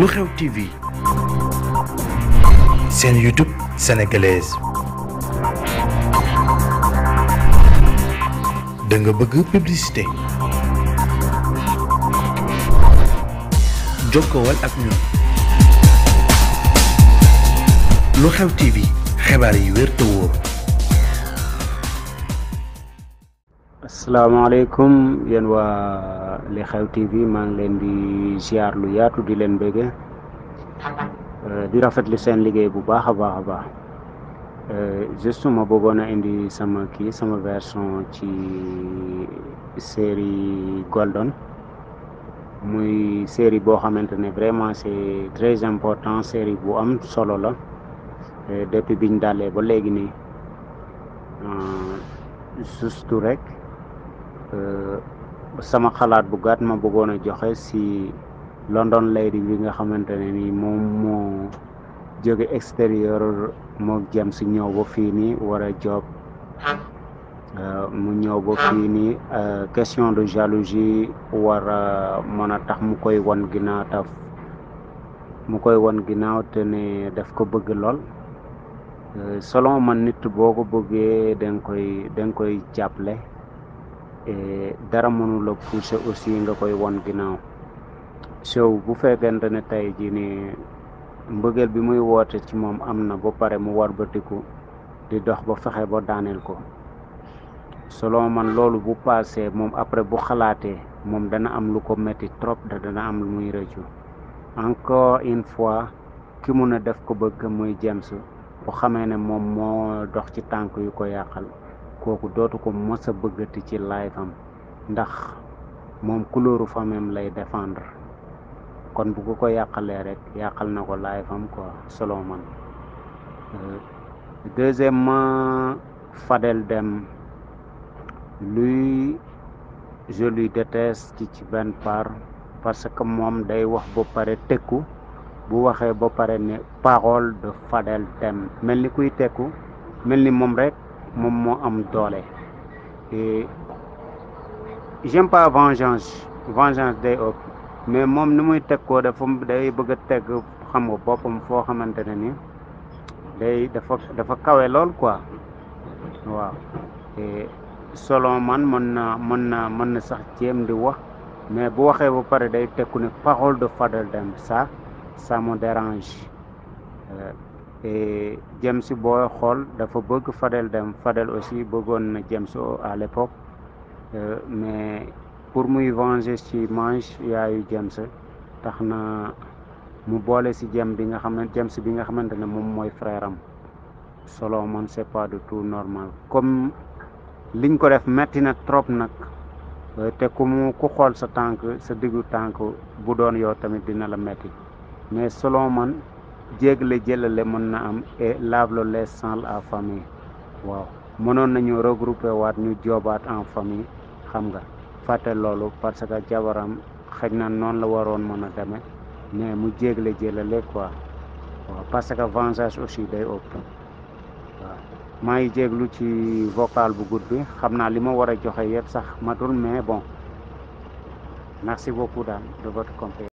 lu xew TV seen YouTube sénégalaise da nga bëgg publicité jokkowal ak ñun lu xew TV xibaar yi wér te wóor. asalaamaaleykum yéen waa. li xew TV maa ngi leen di ziar lu yaatu di leen bëgge euh, di rafetlu seen liggéey bu baax a baax a baax euh, juste ma bëggoon a indi sama kii sama version ci série Golden muy série boo xamante ne vraiment c'est très important série bu am solo la euh, depuis biñ dalee ba léegi nii juste rek. sama xalaat bu gàtt ma bëggoon a joxe si London Lady bi nga xamante ne ni moom moo jóge extérieur moo jëm si ñëw ba fii nii war a job euh, mu ñëw ba fii nii euh, question de jalousie war a mën a tax mu koy won ginnaaw mu koy won ginnaaw te ne daf ko bëgg lool euh, selon man nit boo ko bëggee dang koy danga koy jàppale E, dara mënu la pousser aussi nga koy won ginnaaw siw bu fekkente ne tey jii nii mbëggeel bi muy woote ci moom am na ba pare mu war ba tiku di dox ba fexe ba daaneel ko selon man loolu bu paasee moom après bu xalaatee moom dana am lu ko metti trop da dana am lu muy rëccu encore une fois ki mun a def ko bëgg muy James bu xamee ne moom moo dox ci tànk yu ko yàqal kooku dootu ko mos a bëggati ci live am ndax moom couleur famem lay défendre kon bu ko ko yàqalee rek yàqal na ko live am quoi selon man euh, deuxièmement Fadel Dème luy je lui déteste ci ci benn part parce que moom day wax ba pare tekku bu waxee ba pare ne parole de Fadel Dème mel ni kuy tekku mel ni moom rek moom moo am doole et j'aime pas vengeance vengeance day ëpp mais moom ni muy teg koo dafa day bëgg a teg xam nga boppam foo xamante ne ni day dafa dafa kawe lool quoi waaw et selon man mën na mën na mën na sax jéem di wax mais bu waxee ba pare day tekku ne parole de Fadel Dème saa ça me dérange euh, Eh, James boo xool dafa bëgg Fadel dem Fadel aussi bëggoon na James à l'époque eh, mais pour muy venger ci Mange yaayu James tax na mu boole si James bi nga xamante James bi nga xamante ne moom mooy frère am selon man c'est pas du tout normal comme liñ ko def metti na trop nag eh, te ku mu ku xool sa tànk sa diggu tànk bu doon yow tamit dina la metti mais selon jéegle jëlale mën na am et laablo les sans la famille waaw mënoon nañu regrouper waat ñu joobaat en famille xam nga fàtte loolu parce que jabaram xëj na noonu la waroon mën a demee mais mu jéegle jëlale quoi waaw parce que vengeance aussi day ëpp waaw maa ngi jéeglu ci vocal bu gudd xam naa li ma war a joxe yëpp sax matul mais bon merci beaucoup daal de votre compréhension